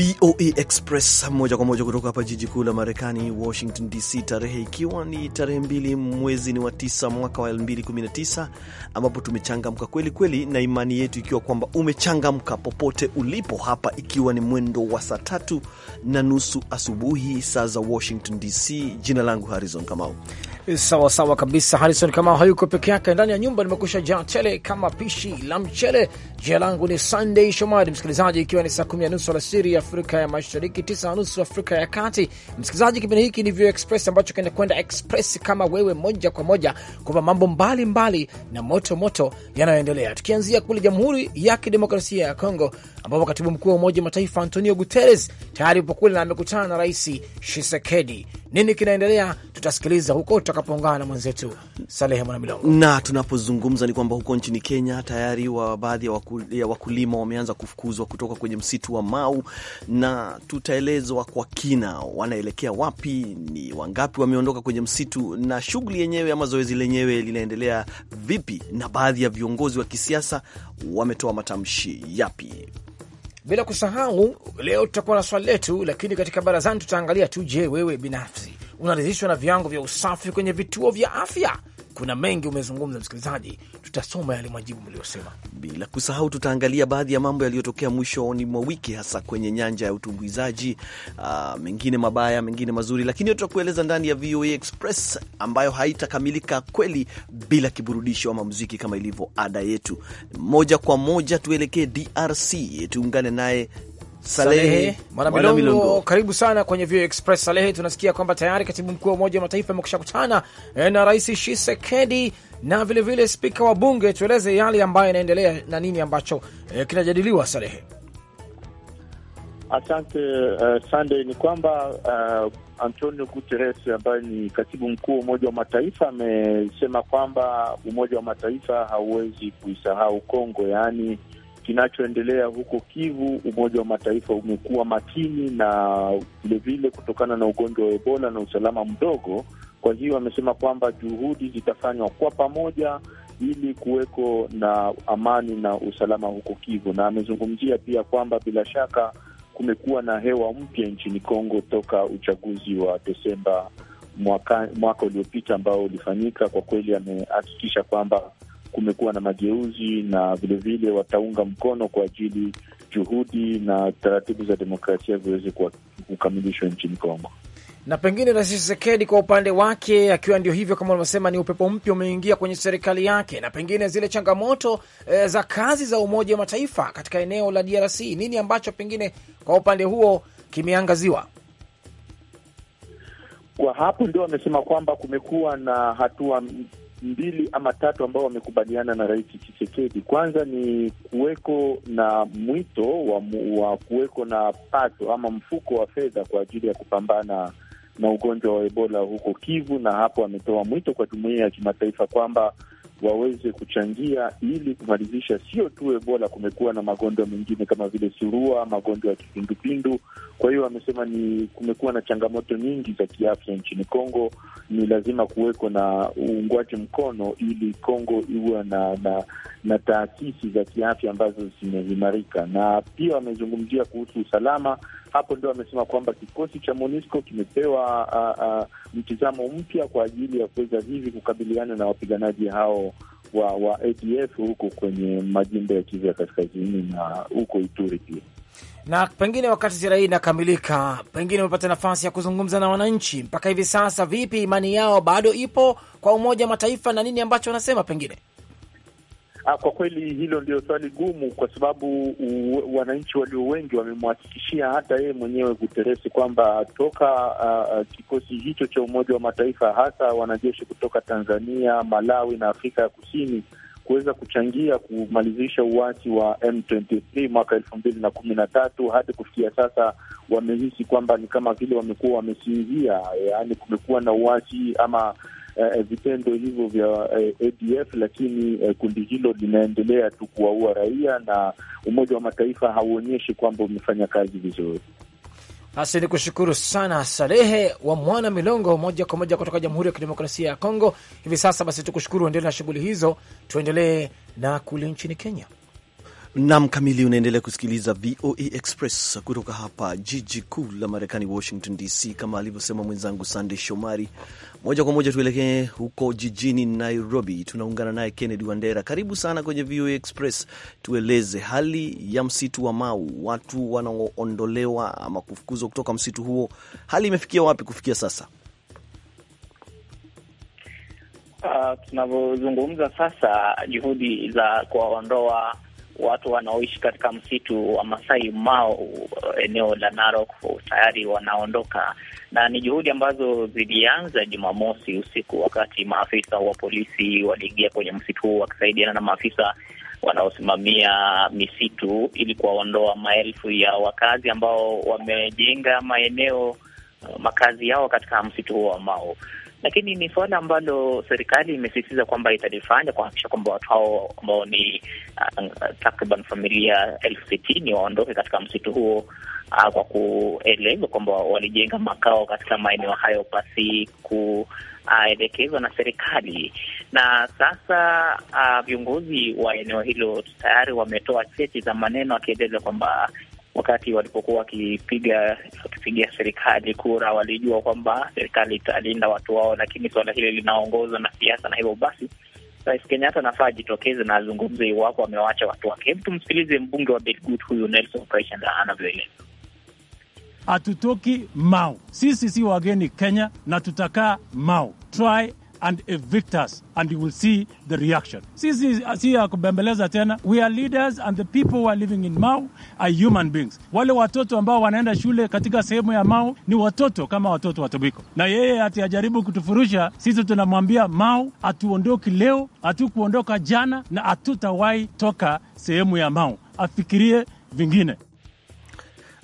VOA Express moja kwa moja kutoka hapa jiji kuu la Marekani, Washington DC, tarehe ikiwa ni tarehe mbili mwezi ni wa tisa mwaka wa tisa ambapo tumechangamka kweli kweli, na imani yetu ikiwa kwamba umechangamka popote ulipo, hapa ikiwa ni mwendo wa saa tatu na nusu asubuhi saa za Washington DC. Jina langu Harrison Kamau. Sawa sawa kabisa, Harrison Kamau hayuko peke yake ndani ya nyumba, nimekusha jaa tele kama pishi la mchele Jina langu ni Sunday Shomari, msikilizaji, ikiwa ni saa kumi na nusu alasiri Afrika ya Mashariki, tisa na nusu Afrika ya Kati. Msikilizaji, kipindi hiki ni Vio Express ambacho kinakwenda express kama wewe, moja kwa moja kwa mambo mbalimbali na moto moto yanayoendelea, tukianzia kule Jamhuri ya Kidemokrasia ya Kongo ambapo katibu mkuu wa Umoja wa Mataifa Antonio Guterres tayari upo kule na amekutana na Rais Tshisekedi nini kinaendelea? Tutasikiliza huko tutakapoungana na mwenzetu Salehe Mwanamilongo. Na tunapozungumza ni kwamba huko nchini Kenya tayari wa baadhi ya wakulima wameanza kufukuzwa kutoka kwenye msitu wa Mau, na tutaelezwa kwa kina wanaelekea wapi, ni wangapi wameondoka kwenye msitu, na shughuli yenyewe ama zoezi lenyewe linaendelea vipi, na baadhi ya viongozi wa kisiasa wametoa matamshi yapi bila kusahau leo tutakuwa na swali letu, lakini katika barazani tutaangalia tu, je, wewe binafsi unaridhishwa na viwango vya usafi kwenye vituo vya afya? kuna mengi umezungumza msikilizaji, tutasoma yale majibu mliosema, bila kusahau tutaangalia baadhi ya mambo yaliyotokea mwishoni mwa wiki, hasa kwenye nyanja ya utumbuizaji, uh, mengine mabaya, mengine mazuri, lakini tutakueleza ndani ya VOA Express ambayo haitakamilika kweli bila kiburudisho ama muziki kama ilivyo ada yetu. Moja kwa moja tuelekee DRC, tuungane naye Salehe Mwanamilongo, karibu sana kwenye Vio Express. Salehe, tunasikia kwamba tayari katibu mkuu wa Umoja wa Mataifa amekusha kutana eh, na Rais Shisekedi na vilevile spika wa Bunge. Tueleze yale ambayo yanaendelea na nini ambacho eh, kinajadiliwa Salehe. Asante uh, Sande. Ni kwamba uh, Antonio Guterres ambaye ni katibu mkuu wa Umoja wa Mataifa amesema kwamba Umoja wa Mataifa hauwezi kuisahau Kongo, yaani kinachoendelea huko Kivu, Umoja wa Mataifa umekuwa makini na vilevile, kutokana na ugonjwa wa Ebola na usalama mdogo. Kwa hiyo amesema kwamba juhudi zitafanywa kwa pamoja ili kuweko na amani na usalama huko Kivu, na amezungumzia pia kwamba bila shaka kumekuwa na hewa mpya nchini Kongo toka uchaguzi wa Desemba mwaka, mwaka uliopita ambao ulifanyika. Kwa kweli amehakikisha kwamba kumekuwa na mageuzi na vilevile wataunga mkono kwa ajili juhudi na taratibu za demokrasia viweze kukamilishwa nchini Kongo. Na pengine Rais Tshisekedi kwa upande wake akiwa ndio hivyo, kama unavyosema, ni upepo mpya umeingia kwenye serikali yake, na pengine zile changamoto e, za kazi za Umoja wa Mataifa katika eneo la DRC, nini ambacho pengine kwa upande huo kimeangaziwa? Kwa hapo ndio amesema kwamba kumekuwa na hatua mbili ama tatu ambao wamekubaliana na Rais chisekedi Kwanza ni kuweko na mwito wa, wa kuweko na pato ama mfuko wa fedha kwa ajili ya kupambana na ugonjwa wa Ebola huko Kivu, na hapo ametoa mwito kwa jumuiya ya kimataifa kwamba waweze kuchangia ili kumalizisha sio tu Ebola. Kumekuwa na magonjwa mengine kama vile surua, magonjwa ya kipindupindu. Kwa hiyo wamesema ni kumekuwa na changamoto nyingi za kiafya nchini Kongo, ni lazima kuweko na uungwaji mkono ili Kongo iwe na, na, na taasisi za kiafya ambazo zimeimarika, na pia wamezungumzia kuhusu usalama hapo ndio amesema kwamba kikosi cha MONUSCO kimepewa mtizamo mpya kwa ajili ya kuweza hivi kukabiliana na wapiganaji hao wa, wa ADF huko kwenye majimbo ya Kivu ya kaskazini na huko Ituri pia. Na pengine wakati ziara hii inakamilika, pengine umepata nafasi ya kuzungumza na wananchi mpaka hivi sasa, vipi imani yao bado ipo kwa Umoja wa Mataifa na nini ambacho wanasema pengine Ah, kwa kweli hilo ndio swali gumu, kwa sababu wananchi walio wengi wamemhakikishia hata yeye mwenyewe Guteresi kwamba toka uh, kikosi hicho cha Umoja wa Mataifa, hasa wanajeshi kutoka Tanzania, Malawi na Afrika ya Kusini kuweza kuchangia kumalizisha uasi wa M23 mwaka elfu mbili na kumi na tatu hadi kufikia sasa, wamehisi kwamba ni kama vile wamekuwa wamesinzia, yaani kumekuwa na uasi ama uh, vitendo hivyo vya uh, eh, ADF, lakini uh, kundi hilo linaendelea tu kuwaua raia na Umoja wa Mataifa hauonyeshi kwamba umefanya kazi vizuri. Basi ni kushukuru sana Salehe wa Mwana Milongo, moja kwa moja kutoka Jamhuri ya Kidemokrasia ya Kongo hivi sasa. Basi tukushukuru, uendele na shughuli hizo, tuendelee na kule nchini Kenya. Nam kamili, unaendelea kusikiliza VOA e Express kutoka hapa jiji kuu la Marekani, Washington DC. Kama alivyosema mwenzangu Sandey Shomari, moja kwa moja tuelekee huko jijini Nairobi. Tunaungana naye Kennedy Wandera. Karibu sana kwenye VOA e Express. Tueleze hali ya msitu wa Mau, watu wanaoondolewa ama kufukuzwa kutoka msitu huo, hali imefikia wapi kufikia sasa? Uh, tunavyozungumza sasa, juhudi za kuwaondoa watu wanaoishi katika msitu wa Masai Mao, eh, eneo la Narok, tayari wanaondoka, na ni juhudi ambazo zilianza Jumamosi usiku, wakati maafisa wa polisi waliingia kwenye msitu huo wakisaidiana na maafisa wanaosimamia misitu ili kuwaondoa maelfu ya wakazi ambao wamejenga maeneo eh, makazi yao katika msitu huo wa Mao lakini ni suala ambalo serikali imesisitiza kwamba italifanya kuhakikisha kwamba watu hao ambao ni uh, takriban familia elfu sitini waondoke katika msitu huo uh, kwa kueleza kwamba walijenga makao katika maeneo hayo pasi kuelekezwa uh, na serikali. Na sasa uh, viongozi uh, wa eneo hilo tayari wametoa cheti za maneno akieleza kwamba wakati walipokuwa wakipiga wakipigia serikali kura, walijua kwamba serikali italinda watu wao, lakini suala hili linaongozwa na siasa, na hivyo basi Rais Kenyatta anafaa ajitokeze na azungumze iwapo amewacha watu wake. Hebu tumsikilize mbunge wa Belgut huyu Nelson Kaisha anavyoeleza. Hatutoki Mau, sisi si wageni Kenya na tutakaa Mau. Try and evict us and you will see the reaction. Sisi si ya kubembeleza tena. We are leaders and the people who are living in Mau are human beings. Wale watoto ambao wanaenda shule katika sehemu ya Mau ni watoto kama watoto wa Tobiko, na yeye ati ajaribu kutufurusha sisi. Tunamwambia Mau hatuondoki leo, hatukuondoka jana, na hatutawahi toka sehemu ya Mau, afikirie vingine.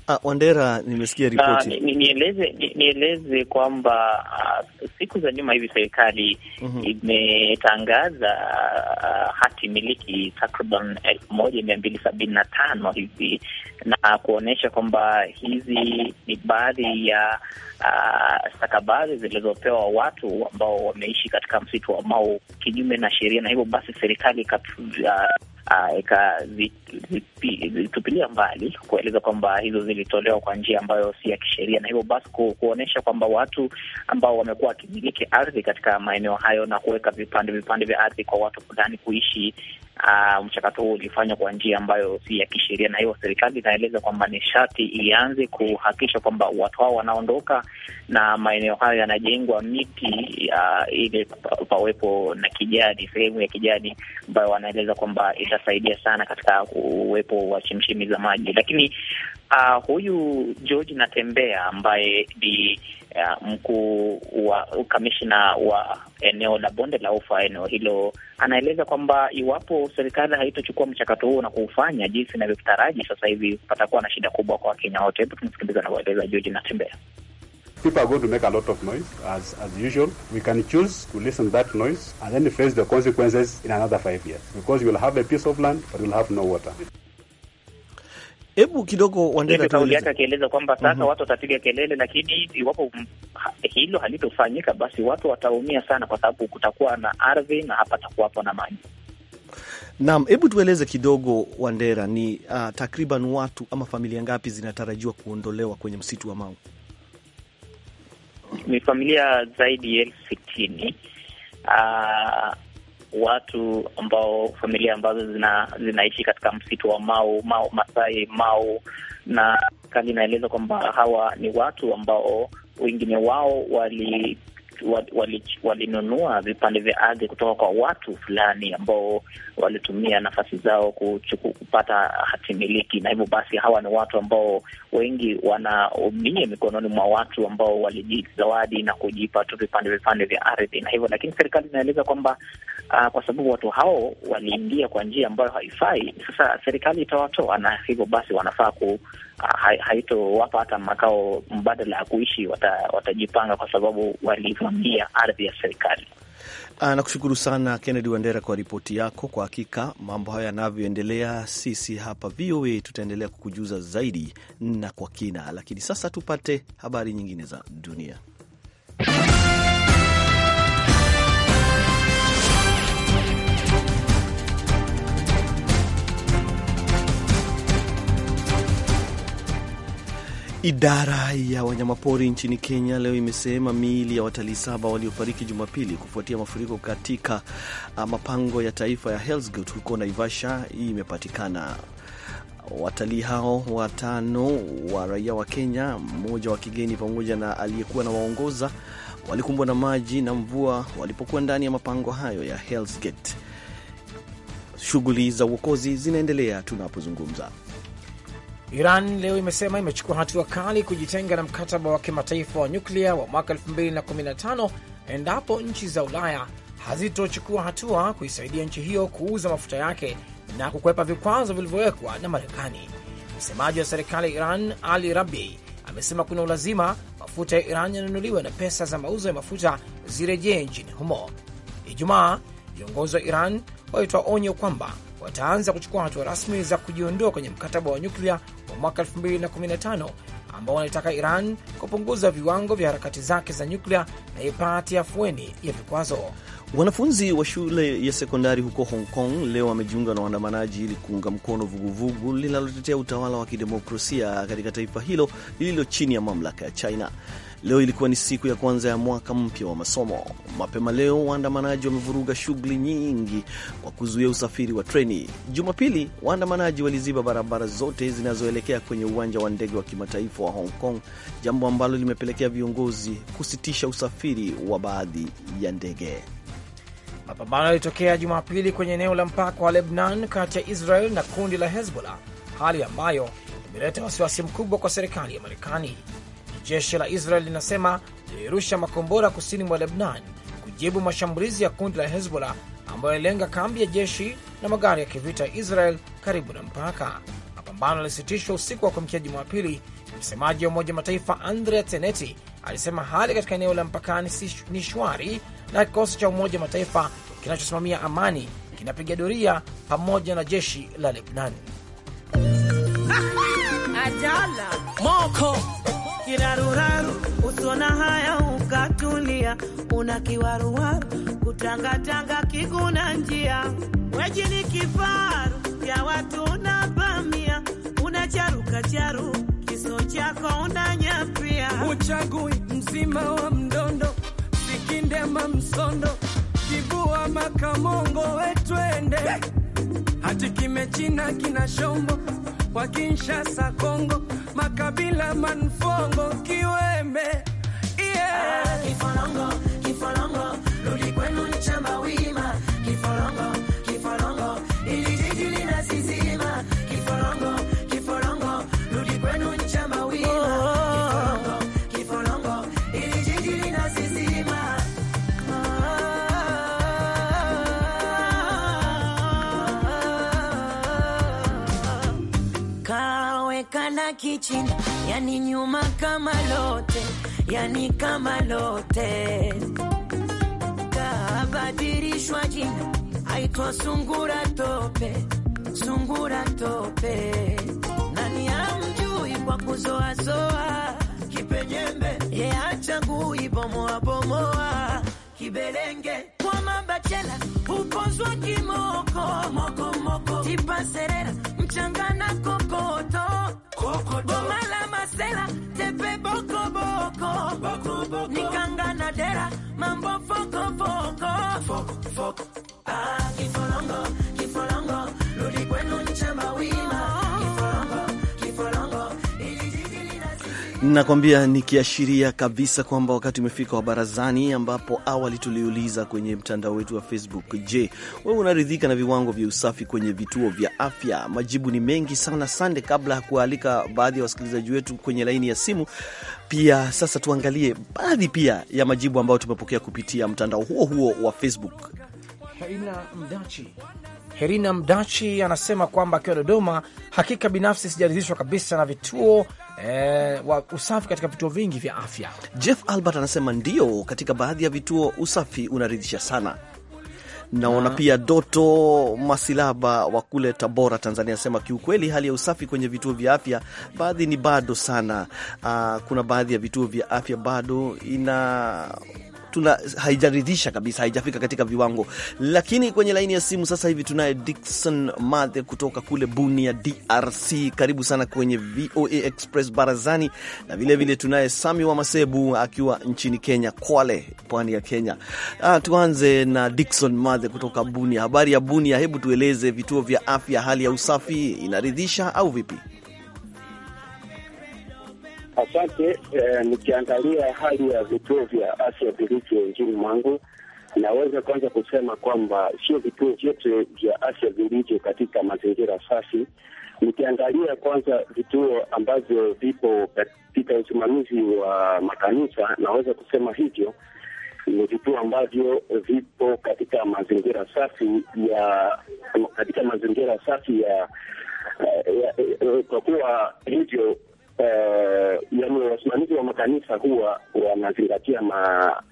Ah, Wandera, nimesikia ripoti. Nieleze nieleze kwamba uh, siku za nyuma hivi serikali mm -hmm. imetangaza uh, hati miliki takriban elfu moja mia mbili sabini na tano hivi na kuonyesha kwamba hizi ni baadhi ya uh, stakabadhi zilizopewa watu ambao wameishi katika msitu wa Mau kinyume na sheria, na hivyo basi serikali Ah, ikazitupilia mbali kueleza kwamba hizo zilitolewa kwa njia ambayo si ya kisheria, na hivyo basi kuonyesha kwamba watu ambao wamekuwa wakimiliki ardhi katika maeneo hayo na kuweka vipande vipande vya ardhi kwa watu fulani kuishi uh, mchakato huu ulifanywa kwa njia ambayo si ya kisheria, na hiyo serikali inaeleza kwamba nishati ianze kuhakikisha kwamba watu hao wanaondoka na maeneo hayo yanajengwa miti uh, ili pawepo na kijani, sehemu ya kijani ambayo wanaeleza kwamba itasaidia sana katika uwepo wa chemchemi za maji. Lakini uh, huyu George Natembea ambaye ni Uh, mkuu wa kamishna wa eneo la bonde la ufa eneo hilo anaeleza kwamba iwapo serikali haitochukua mchakato huo na kuufanya jinsi inavyotaraji sasa hivi, patakuwa na shida kubwa kwa Wakenya wote. Hebu tumsikiliza anavyoeleza George natembea People are going to make a lot of noise as, as usual. We can choose to listen to that noise and then face the consequences in another five years because we will have a piece of land but we will have no water. Hebu kidogo kauli yake akieleza kwamba sasa mm -hmm. watu watapiga kelele, lakini iwapo hilo halitofanyika, basi watu wataumia sana, kwa sababu kutakuwa na ardhi na hapa takuwapo na maji. Naam, hebu tueleze kidogo Wandera, ni uh, takriban watu ama familia ngapi zinatarajiwa kuondolewa kwenye msitu wa Mau? Ni familia zaidi ya elfu sitini. Uh, watu ambao familia ambazo zina, zinaishi katika msitu wa Mau, Mau Masai Mau, na serikali inaeleza kwamba hawa ni watu ambao wengine wao wali walinunua wali, wali vipande vya ardhi kutoka kwa watu fulani ambao walitumia nafasi zao kuchuku, kupata hati miliki, na hivyo basi hawa ni watu ambao wengi wanaumia mikononi mwa watu ambao walijizawadi na kujipa tu vipande vipande vya ardhi na hivyo, lakini serikali inaeleza kwamba uh, kwa sababu watu hao waliingia kwa njia ambayo haifai. Sasa serikali itawatoa na hivyo basi wanafaa ku uh, haitowapa hata makao mbadala ya kuishi, wata, watajipanga kwa sababu walivamia ardhi ya serikali. Ah, nakushukuru sana Kennedy Wandera kwa ripoti yako. Kwa hakika mambo hayo yanavyoendelea, sisi hapa VOA tutaendelea kukujuza zaidi na kwa kina, lakini sasa tupate habari nyingine za dunia. Idara ya wanyamapori nchini Kenya leo imesema miili ya watalii saba waliofariki Jumapili kufuatia mafuriko katika ah, mapango ya taifa ya Hell's Gate huko Naivasha hii imepatikana. Watalii hao watano wa raia wa Kenya, mmoja wa kigeni, pamoja na aliyekuwa na waongoza walikumbwa na maji na mvua walipokuwa ndani ya mapango hayo ya Hell's Gate. Shughuli za uokozi zinaendelea tunapozungumza. Iran leo imesema imechukua hatua kali kujitenga na mkataba wa kimataifa wa nyuklia wa mwaka 2015 endapo nchi za Ulaya hazitochukua hatua kuisaidia nchi hiyo kuuza mafuta yake na kukwepa vikwazo vilivyowekwa na Marekani. Msemaji wa serikali ya Iran Ali Rabi amesema kuna ulazima mafuta ya Iran yanunuliwe na pesa za mauzo ya mafuta zirejee nchini humo. Ijumaa viongozi wa Iran walitoa onyo kwamba wataanza kuchukua hatua rasmi za kujiondoa kwenye mkataba wa nyuklia wa mwaka 2015 ambao wanaitaka Iran kupunguza viwango vya harakati zake za nyuklia na ipate afueni ya vikwazo. Wanafunzi wa shule ya sekondari huko Hong Kong leo wamejiunga na waandamanaji ili kuunga mkono vuguvugu linalotetea utawala wa kidemokrasia katika taifa hilo lililo chini ya mamlaka ya China. Leo ilikuwa ni siku ya kwanza ya mwaka mpya wa masomo. Mapema leo waandamanaji wamevuruga shughuli nyingi kwa kuzuia usafiri wa treni. Jumapili waandamanaji waliziba barabara zote zinazoelekea kwenye uwanja wa ndege wa kimataifa wa Hong Kong, jambo ambalo limepelekea viongozi kusitisha usafiri wa baadhi ya ndege. Mapambano yalitokea Jumapili kwenye eneo la mpaka wa Lebnan kati ya Israel na kundi la Hezbollah, hali ambayo imeleta wasiwasi mkubwa kwa serikali ya Marekani. Jeshi la Israel linasema lilirusha makombora kusini mwa Lebnan kujibu mashambulizi ya kundi la Hezbollah ambayo yalilenga kambi ya jeshi na magari ya kivita ya Israel karibu na mpaka. Mapambano yalisitishwa usiku wa kuamkia Jumapili. Msemaji wa Umoja Mataifa Andrea Teneti alisema hali katika eneo la mpakani ni shwari na kikosi cha Umoja Mataifa kinachosimamia amani kinapiga doria pamoja na jeshi la Lebnan. Adala. Moko kiraruraru usona haya ukatulia una kiwaruwaru kutangatanga kiguna njia weji ni kifaru ya watu una charuka charu kiso chako unanyapia uchagui mzima wa mdondo sikindema msondo kivua makamongo wetwende hati kimechina kina shombo wa Kinshasa Kongo, makabila manfongo kiweme, yeah. ah, kifolongo, kifolongo. chini, yani nyuma kama lote, yani kama lote. Kabadilishwa jina aitwa sungura tope, sungura tope. Nani amjui kwa kuzoazoa kipenyembe, ye achagui bomoa bomoa kibelenge kwa mabachela hupozwa kimoko moko moko tipa serera mchanga na kokoto Bomala masela tepe boko boko, boko boko, nikanga na dera mambo foko foko Nakwambia nikiashiria kabisa kwamba wakati umefika wa barazani, ambapo awali tuliuliza kwenye mtandao wetu wa Facebook: Je, wewe unaridhika na viwango vya usafi kwenye vituo vya afya? Majibu ni mengi sana. Sande, kabla ya kualika baadhi ya wasikilizaji wetu kwenye laini ya simu, pia sasa tuangalie baadhi pia ya majibu ambayo tumepokea kupitia mtandao huo huo wa Facebook. Herina Mdachi, Herina Mdachi anasema kwamba akiwa Dodoma, hakika binafsi sijaridhishwa kabisa na vituo eh, wa usafi katika vituo vingi vya afya. Jeff Albert anasema ndio, katika baadhi ya vituo usafi unaridhisha sana. Naona ah. pia Doto Masilaba wa kule Tabora, Tanzania, anasema kiukweli, hali ya usafi kwenye vituo vya afya baadhi ni bado sana. Uh, kuna baadhi ya vituo vya afya bado ina tuna haijaridhisha kabisa, haijafika katika viwango. Lakini kwenye laini ya simu sasa hivi tunaye Dikson Mathe kutoka kule Bunia, DRC. Karibu sana kwenye VOA Express barazani, na vilevile tunaye Sami wa Masebu akiwa nchini Kenya, Kwale, pwani ya Kenya. Ah, tuanze na Dikson Mathe kutoka Bunia. Habari ya Bunia, hebu tueleze vituo vya afya, hali ya usafi inaridhisha au vipi? Asante. Eh, nikiangalia hali ya vituo vya afya vilivyo nchini mwangu, naweza kwanza kusema kwamba sio vituo vyote vya afya vilivyo katika mazingira safi. Nikiangalia kwanza vituo ambavyo vipo katika usimamizi wa makanisa, naweza kusema hivyo ni vituo ambavyo vipo katika mazingira safi ya katika mazingira safi ya eh, eh, kwa kuwa hivyo makanisa huwa wanazingatia ma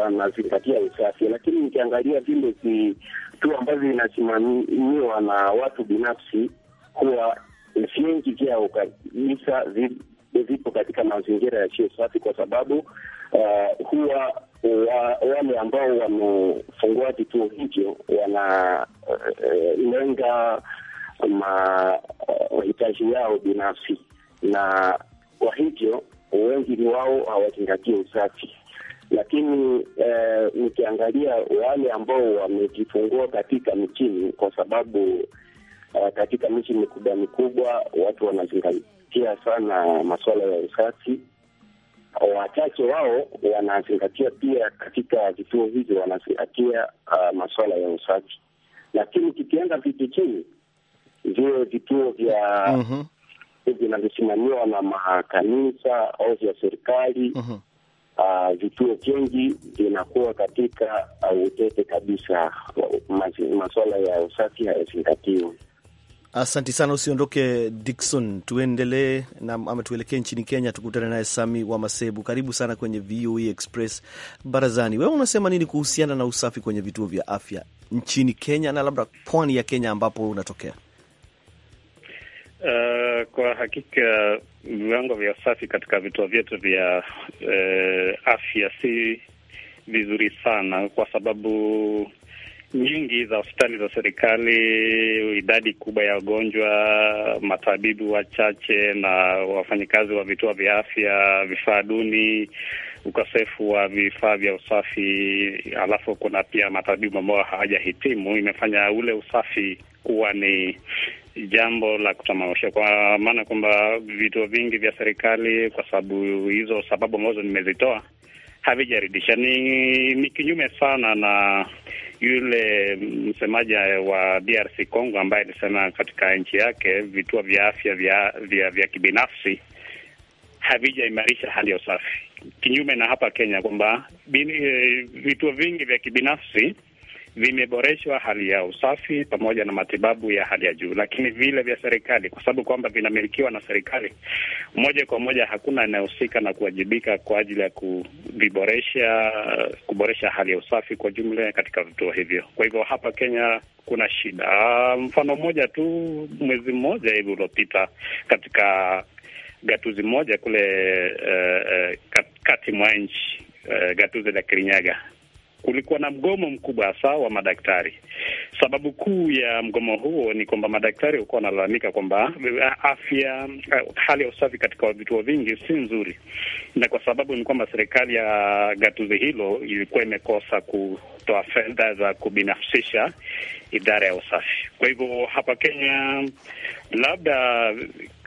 wanazingatia usafi, lakini nikiangalia vile vituo ambavyo inasimamiwa na watu binafsi huwa vingi vyao kabisa vipo katika mazingira yasiyo safi, kwa sababu uh, huwa wa, wale ambao wamefungua vituo hivyo wanalenga uh, uh, mahitaji uh, yao binafsi na kwa hivyo wengi wao hawazingatie usafi lakini nikiangalia eh, wale ambao wamejifungua katika mchini kwa sababu eh, katika michi mikubwa mikubwa watu wanazingatia sana masuala ya usafi. Wachache wao wanazingatia pia, katika vituo hivyo wanazingatia uh, masuala ya usafi, lakini kikienda vijijini, vile vituo vya mm -hmm vinavyosimamiwa na makanisa au vya serikali uh -huh. Uh, vituo vingi vinakuwa katika uh, utete kabisa, masuala ya usafi hayazingatiwe. asanti sana, usiondoke Dikson, tuendelee na ama tuelekee nchini Kenya, tukutane naye Sami wa Masebu. Karibu sana kwenye VOA e Express Barazani. Wewe unasema nini kuhusiana na usafi kwenye vituo vya afya nchini Kenya na labda pwani ya Kenya ambapo unatokea? Uh, kwa hakika viwango vya usafi katika vituo vyetu vya uh, afya si vizuri sana, kwa sababu nyingi za hospitali za serikali, idadi kubwa ya wagonjwa, matabibu wachache na wafanyakazi wa vituo vya afya, vifaa duni, ukosefu wa vifaa vya usafi, alafu kuna pia matabibu ambao hawajahitimu, imefanya ule usafi kuwa ni jambo la kutamausha, kwa maana kwamba vituo vingi vya serikali, kwa sababu hizo sababu ambazo nimezitoa, havijaridisha Ni, ni kinyume sana na yule msemaji wa DRC Congo ambaye alisema katika nchi yake vituo vya afya vya vya, vya kibinafsi havijaimarisha hali ya usafi, kinyume na hapa Kenya kwamba eh, vituo vingi vya kibinafsi vimeboreshwa hali ya usafi pamoja na matibabu ya hali ya juu, lakini vile vya serikali, kwa sababu kwamba vinamilikiwa na serikali moja kwa moja, hakuna anayehusika na kuwajibika kwa ajili ya kuviboresha, kuboresha hali ya usafi kwa jumla katika vituo hivyo. Kwa hivyo hapa Kenya kuna shida. Mfano mmoja tu, mwezi mmoja hivi uliopita, katika gatuzi moja kule uh, uh, kat, kati mwa nchi uh, gatuzi la Kirinyaga kulikuwa na mgomo mkubwa hasa wa madaktari. Sababu kuu ya mgomo huo ni kwamba madaktari walikuwa wanalalamika kwamba eh, afya, eh, hali ya usafi katika vituo vingi si nzuri, na kwa sababu ni kwamba serikali ya gatuzi hilo ilikuwa imekosa kutoa fedha za kubinafsisha idara ya usafi. Kwa hivyo hapa Kenya labda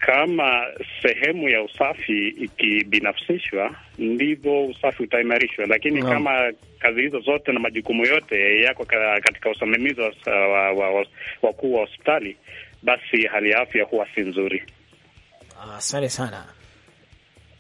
kama sehemu ya usafi ikibinafsishwa, ndivyo usafi utaimarishwa, lakini no. kama kazi hizo zote na majukumu yote yako katika usimamizi wa wakuu wa, hospitali, basi hali ya afya huwa si nzuri. Asante ah, sana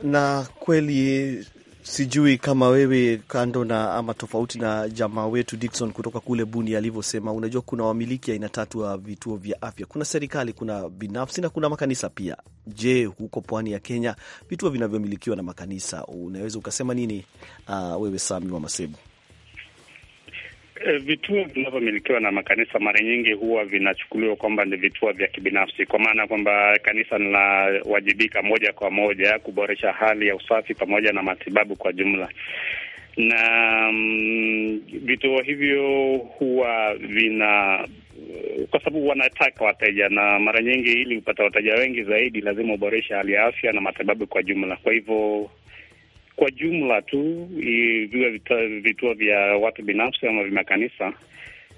na kweli Sijui kama wewe kando na ama tofauti na jamaa wetu dikson kutoka kule Buni alivyosema, unajua kuna wamiliki aina tatu wa vituo vya afya: kuna serikali, kuna binafsi na kuna makanisa pia. Je, huko pwani ya Kenya vituo vinavyomilikiwa na makanisa, unaweza ukasema nini? Uh, wewe Sami wa Masebu. E, vituo vinavyomilikiwa na makanisa mara nyingi huwa vinachukuliwa kwamba ni vituo vya kibinafsi, kwa maana kwamba kanisa linawajibika moja kwa moja kuboresha hali ya usafi pamoja na matibabu kwa jumla na mm, vituo hivyo huwa vina kwa sababu wanataka wateja, na mara nyingi ili upata wateja wengi zaidi lazima uboreshe hali ya afya na matibabu kwa jumla. Kwa hivyo kwa jumla tu viwe vituo vya watu binafsi ama vya makanisa,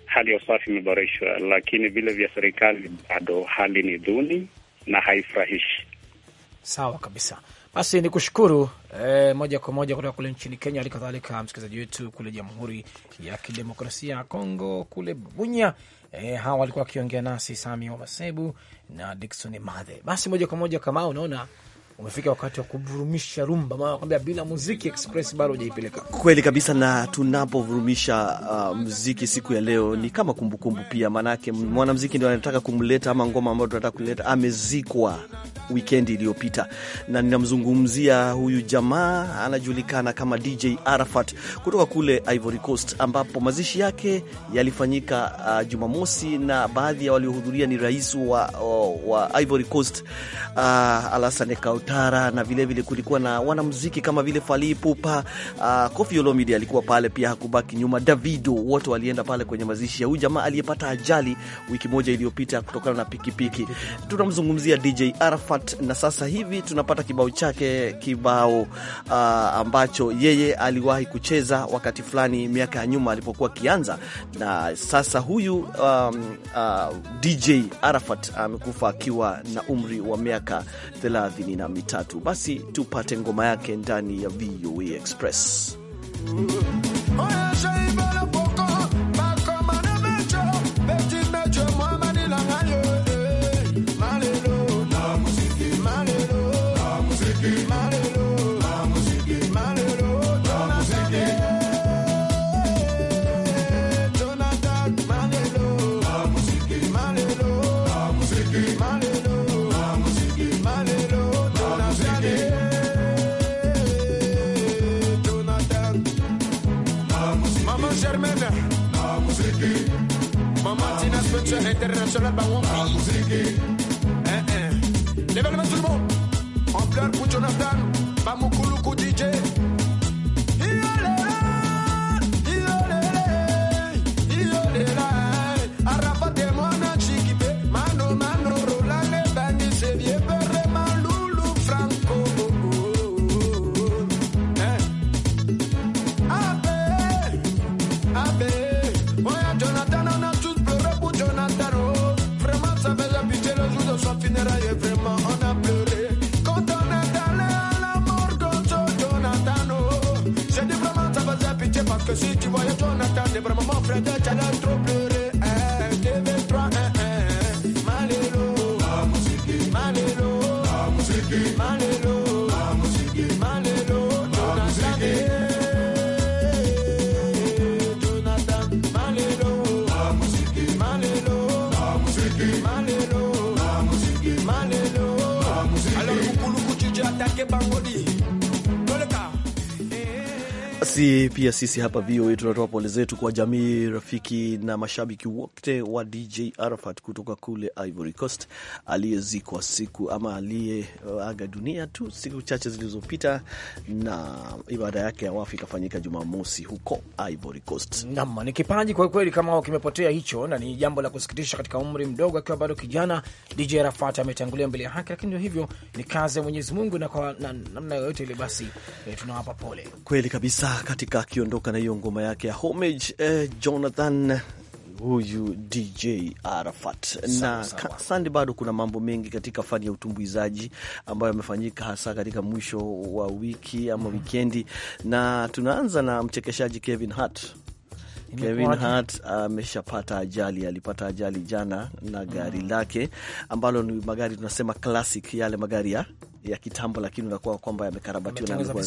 hali ya usafi imeboreshwa, lakini vile vya serikali bado hali ni duni na haifurahishi. Sawa kabisa. Basi ni kushukuru eh, moja kwa moja kutoka kule nchini Kenya, hali kadhalika msikilizaji wetu kule Jamhuri ya Kidemokrasia ya Kongo kule Bunya. Eh, hawa walikuwa wakiongea nasi Sami Wabasebu na Dikson Mathe. Basi moja kwa moja kama unaona umefika wakati wa kuvurumisha rumba, maana kwambia bila muziki express bado hujaipeleka. Kweli kabisa, na tunapovurumisha uh, muziki siku ya leo ni kama kumbukumbu kumbu pia, maanake mwanamziki ndio anataka kumleta ama ngoma ambayo tunataka kuleta amezikwa wikendi iliyopita, na ninamzungumzia huyu jamaa anajulikana kama DJ Arafat kutoka kule Ivory Coast, ambapo mazishi yake yalifanyika uh, Jumamosi, na baadhi ya waliohudhuria ni rais wa, wa, wa Ivory Coast uh, Alassane Ouattara Mutara, na vilevile kulikuwa na wanamuziki kama vile Fally Ipupa, uh, ah, Koffi Olomide alikuwa pale pia, hakubaki nyuma. Davido, wote walienda pale kwenye mazishi ya huyu jamaa aliyepata ajali wiki moja iliyopita kutokana na pikipiki. Tunamzungumzia DJ Arafat, na sasa hivi tunapata kibao chake, kibao uh, ambacho yeye aliwahi kucheza wakati fulani miaka ya nyuma alipokuwa akianza, na sasa huyu um, uh, ah, DJ Arafat amekufa akiwa na umri wa miaka thelathini na mitatu. Basi tupate ngoma yake ndani ya VOA Express. Es internacional bah Roger, attaque Bangoli. Basi pia sisi hapa VOA tunatoa pole zetu kwa jamii, rafiki na mashabiki wote wa DJ Arafat kutoka kule Ivory Coast aliyezikwa siku ama aliyeaga dunia tu siku chache zilizopita, na ibada yake ya wafu ikafanyika Jumamosi huko Ivory Coast. ni kipaji kwa kweli, kama kimepotea hicho, na ni jambo la kusikitisha. Katika umri mdogo, akiwa bado kijana, DJ Arafat ametangulia mbele ya haki, lakini ndio hivyo, ni kazi ya Mwenyezi Mungu, na kwa namna yoyote ile, basi eh, tunawapa pole kweli kabisa katika akiondoka na hiyo ngoma yake ya homage eh, Jonathan huyu DJ Arafat na Sande. Bado kuna mambo mengi katika fani ya utumbuizaji ambayo yamefanyika hasa katika mwisho wa wiki ama mhm. wikendi, na tunaanza na mchekeshaji Kevin Hart. Kevin Hart ah, ameshapata uh, ajali. Alipata ajali jana na gari mm, lake ambalo ni magari tunasema classic, yale magari ya ya kitambo, lakini unakuwa kwamba yamekarabatiwa na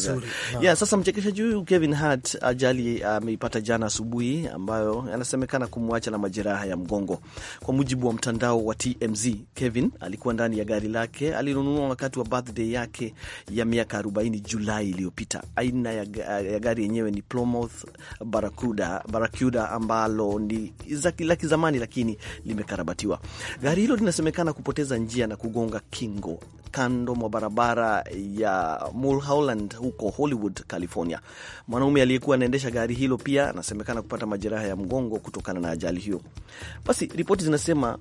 yeah. Sasa mchekeshaji huyu Kevin Hart ajali ameipata uh, jana asubuhi, ambayo anasemekana kumwacha na majeraha ya mgongo. Kwa mujibu wa mtandao wa TMZ, Kevin alikuwa ndani ya gari lake alinunua wakati wa birthday yake ya miaka 40 Julai iliyopita. Aina ya, ya gari yenyewe ni Plymouth Barracuda, Barracuda ambalo ni la kizamani lakini limekarabatiwa. Gari hilo linasemekana kupoteza njia na kugonga kingo kando mwa barabara ya Mulholland huko Hollywood, California. Mwanaume aliyekuwa anaendesha gari hilo pia anasemekana kupata majeraha ya mgongo kutokana na ajali hiyo. Basi ripoti zinasema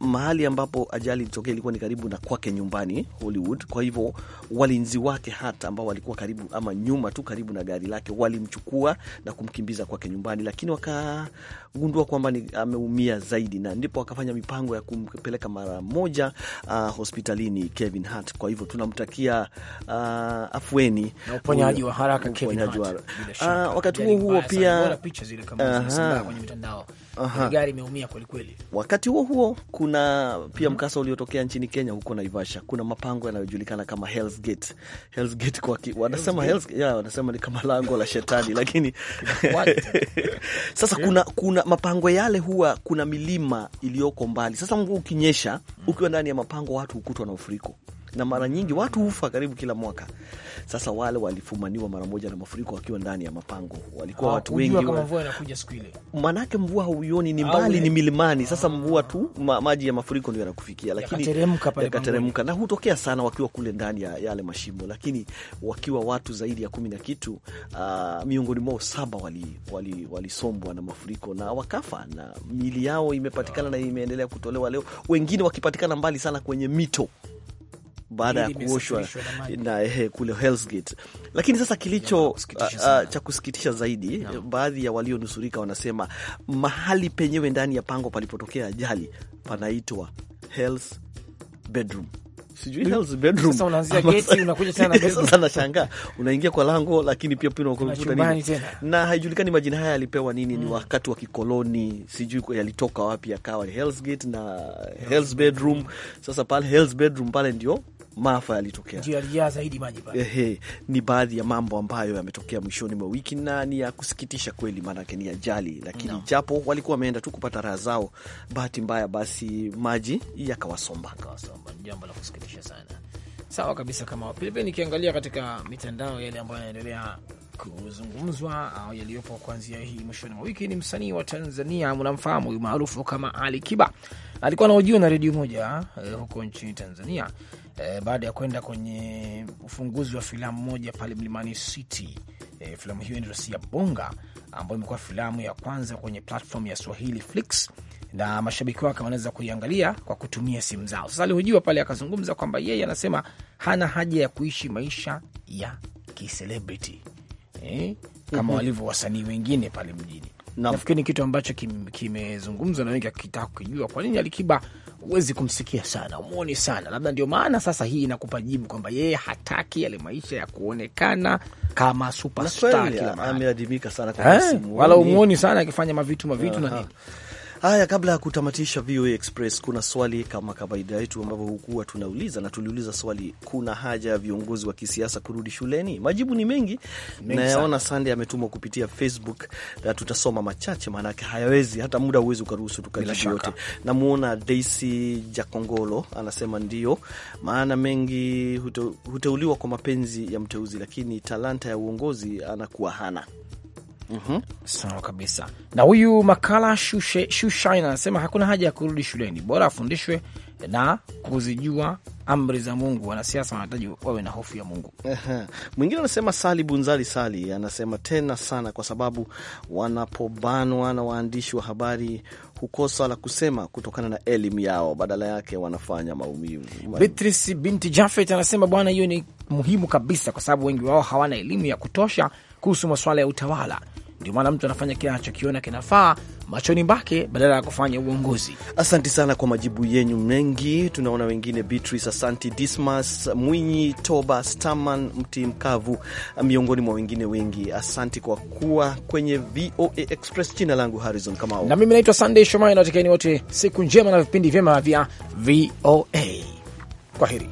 mahali ambapo ajali ilitokea ilikuwa ni karibu na kwake nyumbani Hollywood. Kwa hivyo walinzi wake hata ambao walikuwa karibu ama nyuma tu karibu na gari lake walimchukua na kumkimbiza kwake nyumbani, lakini waka kugundua kwamba ameumia zaidi, na ndipo akafanya mipango ya kumpeleka mara moja uh, hospitalini Kevin Hart. Kwa hivyo tunamtakia uh, afueni na uponyaji wa haraka Kevin Hart. Ah, wakati huo huo pia Yaani gari imeumia kwelikweli. Wakati huo huo, kuna pia mkasa uliotokea nchini Kenya huko Naivasha. Kuna mapango yanayojulikana kama Hell's Gate. Hell's Gate kwa ki... wanasema Hell's Gate. wanasema ni kama lango la shetani lakini sasa kuna, kuna mapango yale huwa kuna milima iliyoko mbali. Sasa mvua ukinyesha, ukiwa ndani ya mapango watu hukutwa na ufuriko na mara nyingi watu hufa karibu kila mwaka. Sasa wale walifumaniwa mara moja na mafuriko wakiwa ndani ya mapango, walikuwa ha, watu wengi wa... manake mvua hauioni, ni mbali, ni milimani. Sasa mvua tu ma, maji ya mafuriko ndio yanakufikia, lakini yakateremka na hutokea sana wakiwa kule ndani ya yale mashimo, lakini wakiwa watu zaidi ya kumi na kitu, uh, miongoni mwao saba walisombwa wali, wali na mafuriko na wakafa, na miili yao imepatikana na imeendelea kutolewa leo, wengine wakipatikana mbali sana kwenye mito baada ya kuoshwa na eh, kule Hell's Gate. Lakini sasa kilicho ah, ah, cha kusikitisha zaidi no. baadhi ya walionusurika wanasema mahali penyewe ndani ya pango palipotokea ajali panaitwa Hell's bedroom sasa nashangaa unaingia kwa lango, lakini pia pia unakuta nini na haijulikani majina haya yalipewa nini? Mm. Ni wakati wa kikoloni, sijui yalitoka wapi yakawa Hell's Gate na Hell's Bedroom. Sasa pale Hell's Bedroom pale ndio maafa yalitokea, ni baadhi ya mambo ambayo yametokea mwishoni mwa wiki na ni ya kusikitisha kweli, maanake ni ajali, lakini no. japo walikuwa wameenda tu kupata raha zao, bahati mbaya basi maji yakawasomba, jambo la kusikitisha sana. Sawa kabisa. Kama pilipili, nikiangalia katika mitandao yale ambayo yanaendelea kuzungumzwa au yaliyopo kuanzia hii mwishoni mwa wiki ni msanii wa Tanzania, mnamfahamu huyu maarufu kama Ali Kiba. Alikuwa anahojiwa na redio moja eh, huko nchini Tanzania eh, baada ya kwenda kwenye ufunguzi wa filamu moja pale Mlimani City. Eh, filamu hiyo ndio inaitwa Bonga ambayo imekuwa filamu ya kwanza kwenye platform ya Swahili Flix na mashabiki wake wanaweza kuiangalia kwa kutumia simu zao. Sasa alihojiwa pale, akazungumza kwamba yeye anasema hana haja ya kuishi maisha ya kiselebrity eh, kama mm -hmm. walivyo wasanii wengine pale mjini Nafikiri ni kitu ambacho kimezungumzwa na wengi akitaka kukijua, kwa nini Alikiba huwezi kumsikia sana, umwoni sana, labda ndio maana sasa hii inakupa jibu kwamba yeye hataki yale maisha ya kuonekana kama superstar, kila ameadimika sana, kwa eh? sababu wala umwoni sana akifanya mavitu mavitu na nini Haya, kabla ya kutamatisha VOA Express, kuna swali kama kawaida yetu ambavyo hukuwa tunauliza na tuliuliza swali, kuna haja ya viongozi wa kisiasa kurudi shuleni? Majibu ni mengi, mengi nayaona Sande ametumwa kupitia Facebook na tutasoma machache, maanake hayawezi hata muda huwezi ukaruhusu tukajibu yote. Namwona Daisy Jakongolo anasema ndio maana mengi hute, huteuliwa kwa mapenzi ya mteuzi, lakini talanta ya uongozi anakuwa hana mm -hmm. Sawa kabisa. Na huyu makala Shushain anasema hakuna haja ya kurudi shuleni, bora afundishwe na kuzijua amri za Mungu. Wanasiasa wanahitaji wawe na hofu ya Mungu. Mwingine anasema Sali Bunzali Sali anasema tena sana, kwa sababu wanapobanwa na waandishi wa habari hukosa la kusema kutokana na elimu yao, badala yake wanafanya maumivu. Beatrice binti Jafet anasema bwana, hiyo ni muhimu kabisa, kwa sababu wengi wao hawana elimu ya kutosha kuhusu masuala ya utawala. Ndio maana mtu anafanya kile anachokiona kinafaa machoni mbake badala ya kufanya uongozi. Asanti sana kwa majibu yenyu mengi. Tunaona wengine Beatrice Asanti, Dismas Mwinyi, Toba Staman, mti mkavu, miongoni mwa wengine wengi. Asanti kwa kuwa kwenye VOA Express. Jina langu Harrison Kamau, na mimi naitwa sandey Shomai. Nawatakieni wote siku njema na vipindi vyema vya VOA. Kwaheri.